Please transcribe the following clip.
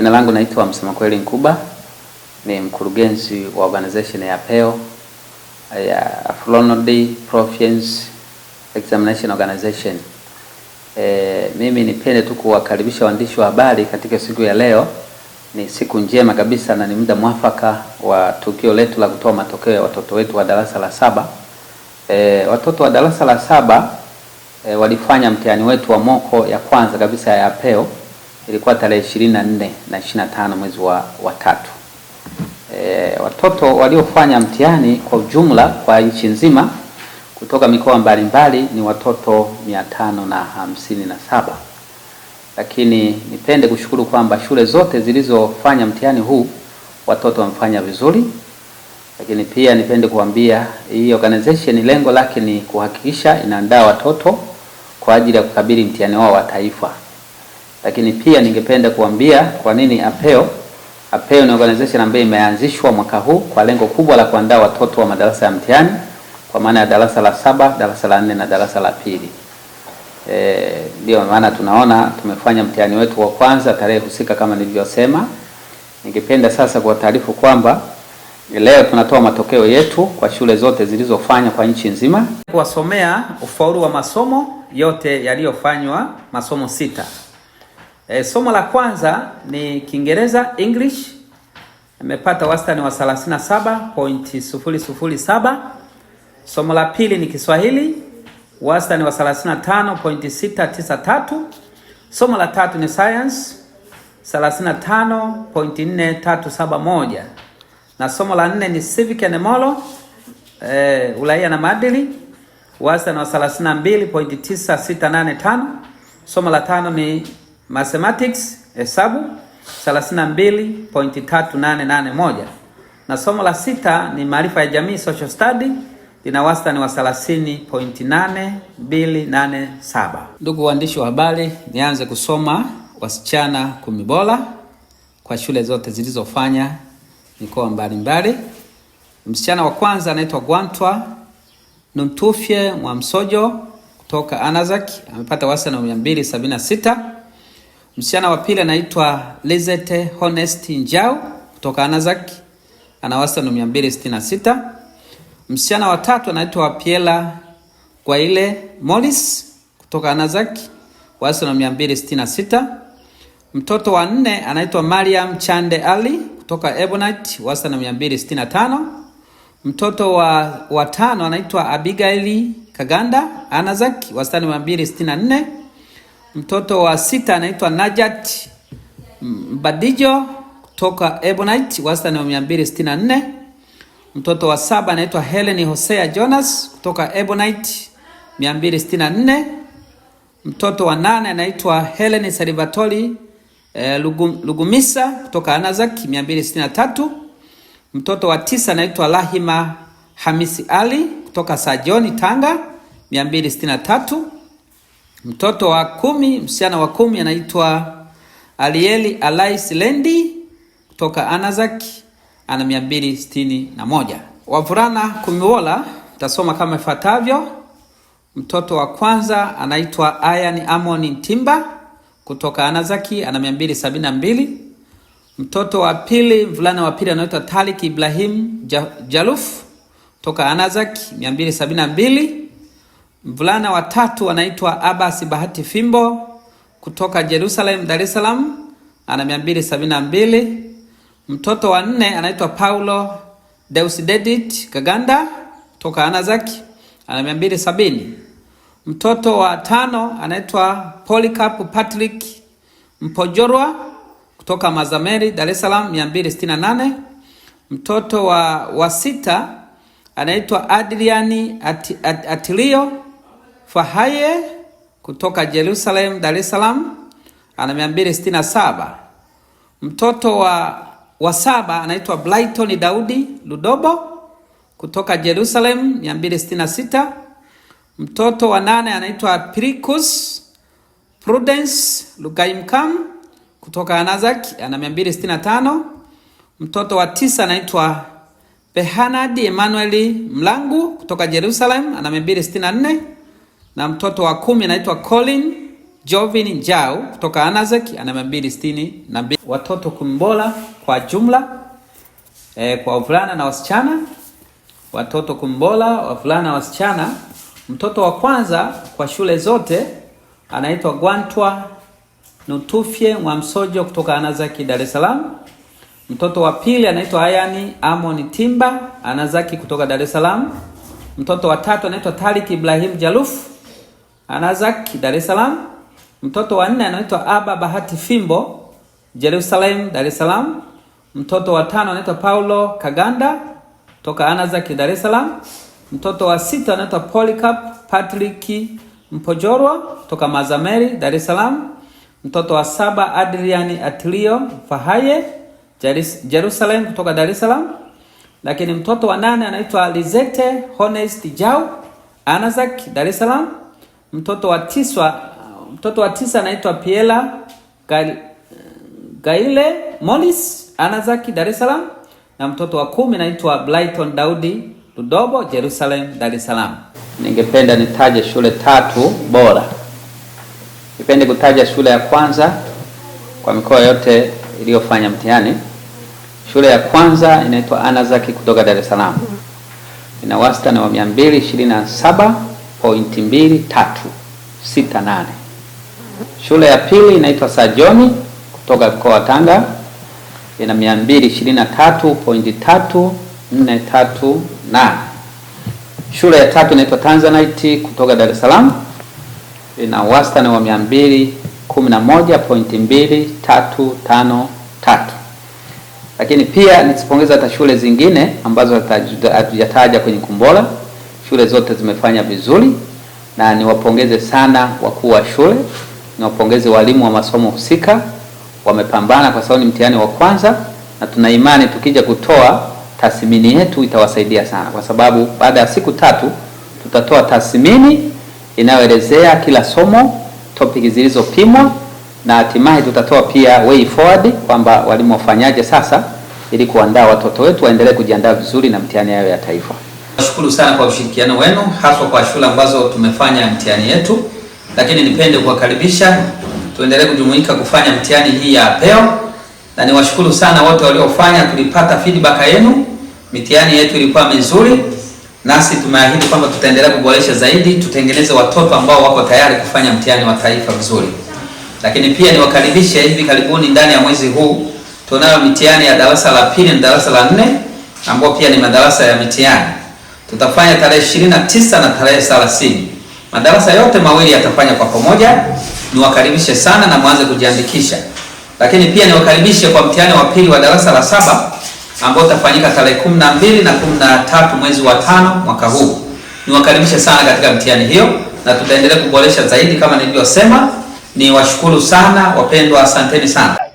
Jina langu naitwa Msema Kweli Nkuba, ni mkurugenzi wa organization ya PEO ya Afronodi Proficiency Examination Organization. E, mimi nipende tu kuwakaribisha waandishi wa habari katika siku ya leo. Ni siku njema kabisa na ni muda mwafaka wa tukio letu la kutoa matokeo ya watoto wetu wa darasa la saba. E, watoto wa darasa la saba e, walifanya mtihani wetu wa moko ya kwanza kabisa ya APEO ilikuwa tarehe ishirini na nne na ishirini na tano mwezi wa, wa tatu. E, watoto waliofanya mtihani kwa ujumla kwa nchi nzima kutoka mikoa mbalimbali ni watoto mia tano na hamsini na saba lakini nipende kushukuru kwamba shule zote zilizofanya mtihani huu watoto wamefanya vizuri. Lakini pia nipende kuambia hii organization lengo lake ni kuhakikisha inaandaa watoto kwa ajili ya kukabili mtihani wao wa taifa lakini pia ningependa kuambia kwa nini APEO. APEO ni organization ambayo imeanzishwa mwaka huu kwa lengo kubwa la kuandaa watoto wa madarasa ya mtihani kwa maana ya darasa la saba, darasa la nne na darasa la pili. E, ndio maana tunaona tumefanya mtihani wetu wa kwanza tarehe husika kama nilivyosema. Ningependa sasa kuwataarifu kwamba leo tunatoa matokeo yetu kwa shule zote zilizofanya kwa nchi nzima, kuwasomea ufaulu wa masomo yote yaliyofanywa, masomo sita. E, somo la kwanza ni Kiingereza English. Nimepata wastani wa 37.007. Somo la pili ni Kiswahili, wastani wa 35.693. Somo la tatu ni Science 35.4371. Na somo la nne ni Civic and Moral, e, eh, uraia na maadili, wastani wa 32.9685. Somo la tano ni mathematics hesabu 32.3881 na somo la sita ni maarifa ya jamii social study lina wastani wa 30.8287. Ndugu waandishi wa habari, nianze kusoma wasichana kumi bora kwa shule zote zilizofanya mikoa mbalimbali. Msichana wa kwanza anaitwa Gwantwa Nuntufye Mwamsojo kutoka Anazaki, amepata wastani wa 276 Msichana wa pili anaitwa Lizette Honest Njau kutoka anazaki ana wastani mia mbili sitini na sita. Msichana wa tatu anaitwa Piela Gwaile Morris kutoka anazaki wastani mia mbili sitini na sita. Mtoto wa nne anaitwa Mariam Chande Ali kutoka Ebonite, wastani mia mbili sitini na tano. Mtoto wa, watano tano anaitwa Abigaili Kaganda anazaki wastani mia mbili sitini na nne. Mtoto wa sita anaitwa Najat Badijo kutoka Ebonite, wastani wa 264. Mtoto wa saba anaitwa Helen Hosea Jonas kutoka Ebonite 264. Mtoto wa nane anaitwa Helen Salivatori eh, Lugum, Lugumisa kutoka Anazak 263. Mtoto wa tisa anaitwa Lahima Hamisi Ali kutoka Sajoni Tanga 263. Mtoto wa kumi, msichana wa kumi anaitwa Alieli Alais Lendi kutoka Anazak, ana mia mbili sitini na moja. wavurana kumiwola tasoma kama ifuatavyo. Mtoto wa kwanza anaitwa Ayan Amon Timba kutoka Anazaki, ana mia mbili sabini na mbili. Mtoto wa pili, mvulana wa pili anaitwa Talik Ibrahim Jaluf kutoka Anazaki, mia mbili sabini na mbili. Mvulana wa tatu anaitwa Abbas Bahati Fimbo kutoka Jerusalem, Dar es Salaam, ana mbili Mtoto wa nne anaitwa Paulo Deusdedit Kaganda kutoka Anazaki, ana sabini Mtoto wa tano anaitwa Polycarp Patrick Mpojorwa kutoka Mazameri, Dar es Salaam, nane. Mtoto wa, wa sita anaitwa Adriani At, At, Atilio Fahaye kutoka Jerusalem, Dar es Salaam ana mia mbili sitini na saba. Mtoto wa, wa saba anaitwa Brighton Daudi Ludobo kutoka Jerusalem sita Mtoto wa nane anaitwa Pricus Prudence Lugaimkam kutoka Anazaki ana tano. Mtoto wa tisa anaitwa Behanadi emanueli Mlangu kutoka Jerusalem ana 264 na mtoto wa kumi anaitwa Colin Jovin Njau kutoka Anazek ana mia mbili sitini na mbili watoto kumbola kwa jumla e, kwa wavulana na wasichana watoto kumbola wavulana na wasichana. Mtoto wa kwanza kwa shule zote anaitwa Gwantwa Nutufye Mwamsojo kutoka Anazaki, Dar es Salaam. Mtoto wa pili anaitwa Ayani Amon Timba Anazaki kutoka Dar es Salaam. Mtoto wa tatu anaitwa Tariq Ibrahim Jaluf Anazak Dar es Salaam. Mtoto wa nne anaitwa Aba Bahati Fimbo Jerusalem, Dar es Salaam. Mtoto wa tano anaitwa Paulo Kaganda toka Anazak Dar es Salaam. Mtoto wa sita anaitwa Polycarp Patrick Mpojorwa toka Mazameri Dar es Salaam. Mtoto wa saba Adrian Atlio Fahaye Jerusalem kutoka Dar es Salaam. Lakini mtoto wa nane anaitwa Lizette Honest Jau Anazak Dar es Salaam mtoto wa tisa mtoto wa tisa anaitwa Piela Gaile Molis Anazaki Dar es Salaam, na mtoto wa kumi anaitwa Blyton Daudi Ludobo Jerusalem Dar es Salaam. Ningependa nitaje shule tatu bora. Nipende kutaja shule ya kwanza kwa mikoa yote iliyofanya mtihani. Shule ya kwanza inaitwa Anazaki kutoka Dar es Salaam, ina wastani wa 227 pointi mbili tatu sita nane. Shule ya pili inaitwa Sajoni kutoka mkoa wa Tanga ina mia mbili ishirini na tatu pointi tatu nne tatu nane. Shule ya tatu inaitwa Tanzanite kutoka Dar es Salaam ina wastani wa mia mbili kumi na moja pointi mbili tatu tano tatu. Lakini pia nisipongeza hata shule zingine ambazo hatujataja kwenye kumbola Shule zote zimefanya vizuri na niwapongeze sana wakuu wa shule, niwapongeze walimu wa masomo husika, wamepambana kwa sababu ni mtihani wa kwanza, na tuna imani tukija kutoa tathmini yetu itawasaidia sana, kwa sababu baada ya siku tatu tutatoa tathmini inayoelezea kila somo, topic zilizopimwa, na hatimaye tutatoa pia way forward kwamba walimu wafanyaje sasa, ili kuandaa watoto wetu waendelee kujiandaa vizuri na mtihani yao ya taifa. Nashukuru sana kwa ushirikiano wenu haswa kwa shule ambazo tumefanya mtihani yetu, lakini nipende kuwakaribisha tuendelee kujumuika kufanya mtihani hii ya APEO, na niwashukuru sana wote waliofanya. Tulipata feedback yenu, mitihani yetu ilikuwa mizuri, nasi tumeahidi kwamba tutaendelea kuboresha zaidi, tutengeneze watoto ambao wako tayari kufanya mtihani wa taifa vizuri. Lakini pia niwakaribishe, hivi karibuni ndani ya mwezi huu tunayo mitihani ya darasa la pili na darasa la nne ambayo pia ni madarasa ya mitihani tutafanya tarehe 29 na tarehe 30. Madarasa yote mawili yatafanya kwa pamoja. Niwakaribishe sana na mwanze kujiandikisha, lakini pia niwakaribishe kwa mtihani wa pili wa darasa la saba ambao utafanyika tarehe 12 na 13 mwezi wa tano mwaka huu. Niwakaribishe sana katika mtihani hiyo, na tutaendelea kuboresha zaidi kama nilivyosema. Niwashukuru sana wapendwa, asanteni sana.